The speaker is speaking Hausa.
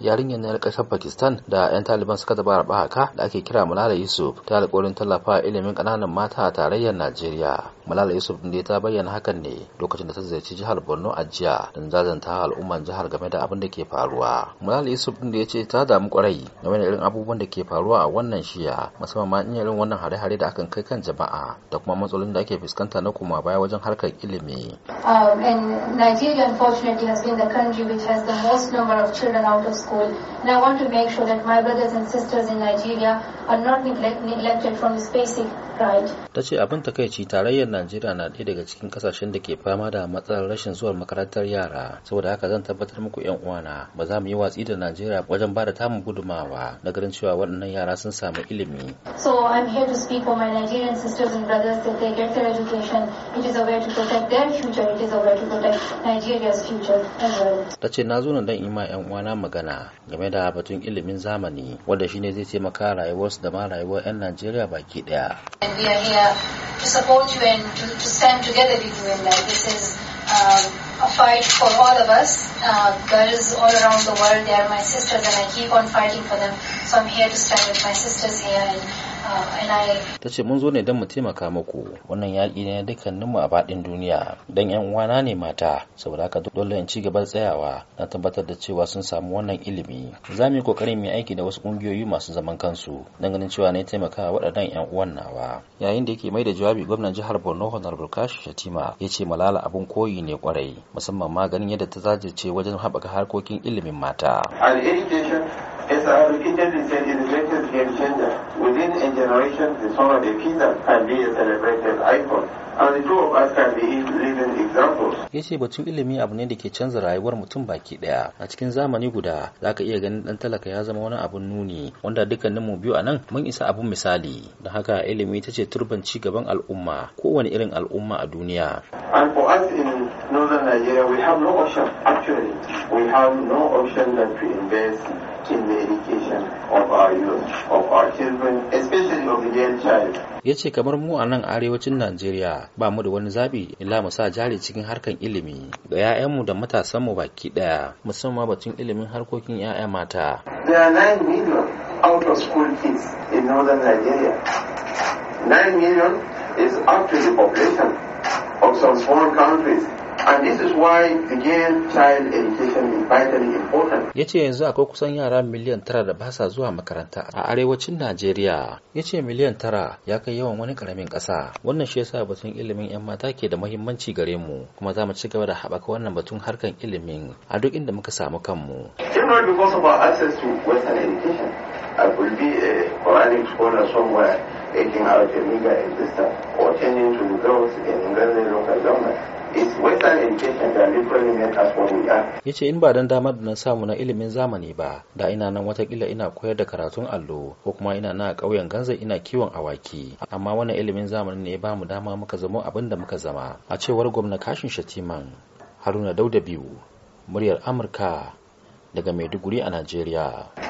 yarinyar na kasar pakistan da 'yan taliban suka zaba haka da ake kira malala yusuf ta alƙawarin tallafa ilimin ƙananan mata a tarayyar najeriya malala yusuf ne ta bayyana hakan ne lokacin da ta ziyarci jihar borno a jiya don zazanta al'umman jihar game da abin da ke faruwa malala yusuf ɗin da ya ce ta damu kwarai game da irin abubuwan da ke faruwa a wannan shiya musamman ma in irin wannan hare-hare da akan kai kan jama'a da kuma matsalolin da ake fuskanta na kuma baya wajen harkar ilimi. Um, and Nigeria unfortunately has been the country which has the most number of children out of school. school. And I want to make sure that my brothers and sisters in Nigeria are not neglect neglected from this basic Ta ce abin takaici tarayyar Najeriya na ɗaya daga cikin kasashen da ke fama da matsalar rashin zuwa makarantar yara. Saboda haka zan tabbatar muku yan uwana ba za mu yi watsi da Najeriya wajen ba da tamu gudumawa na garin cewa waɗannan yara sun samu ilimi. So Ta ce na zo nan don ima yan uwana magana game da batun ilimin zamani wanda shine zai taimaka rayuwarsu da ma rayuwar 'yan Najeriya baki ɗaya. and we are here to support you and to, to stand together with you in life. This is um, a fight for all of us. Uh, girls all around the world, they are my sisters, and I keep on fighting for them. So I'm here to stand with my sisters here and ta ce mun zo ne don mu taimaka muku wannan yaƙi ne mu a faɗin duniya don yan uwana ne mata saboda haka dole in ci gaba tsayawa na tabbatar da cewa sun samu wannan ilimi za mu yi kokarin mu aiki da wasu ƙungiyoyi masu zaman kansu don ganin cewa ne taimaka waɗannan yan uwan nawa yayin da yake mai da jawabi gwamnan jihar Borno honar Kashi Shatima ya ce Malala abun koyi ne kwarai musamman ma ganin yadda ta zajirce wajen haɓaka harkokin ilimin mata. education is a repeatedly is the greatest game changer generation is already can be a celebrated icon. And Ya ce batun ilimi abu ne da ke canza rayuwar mutum baki daya. A cikin zamani guda za ka iya ganin dan talaka ya zama wani abun nuni wanda dukkanin mu biyu a nan mun isa abun misali. Don haka ilimi ta ce turban ci gaban al'umma kowane irin al'umma a duniya. And for us in northern Nigeria we have no option actually we have no option to of ya ce kamar mu a nan arewacin najeriya ba mu da wani zabi illa mu sa jari cikin harkan ilimi ga 'ya'yanmu da matasanmu baki daya musamman batun ilimin harkokin 'ya'ya mata is And this is why again child education is vitally important. Ya ce yanzu akwai kusan yara miliyan tara da basa zuwa makaranta a arewacin Najeriya. Ya ce miliyan tara ya kai yawan wani karamin ƙasa. Wannan shi yasa batun ilimin 'yan mata ke da muhimmanci gare mu kuma za mu ci gaba da haɓaka wannan batun harkar ilimin a duk inda muka samu kanmu. Children because of our access to Western education, I will be a Quranic scholar somewhere. taking in ce in ba dan damar da na samu na ilimin zamani ba da ina nan watakila ina koyar da karatun allo ko kuma ina na ƙauyen ganza ina kiwon awaki amma wannan ilimin zamani ne ba mu dama muka zama abin da muka zama a cewar gwamna kashin shatiman haruna dauda biyu muryar amurka daga maiduguri a najeriya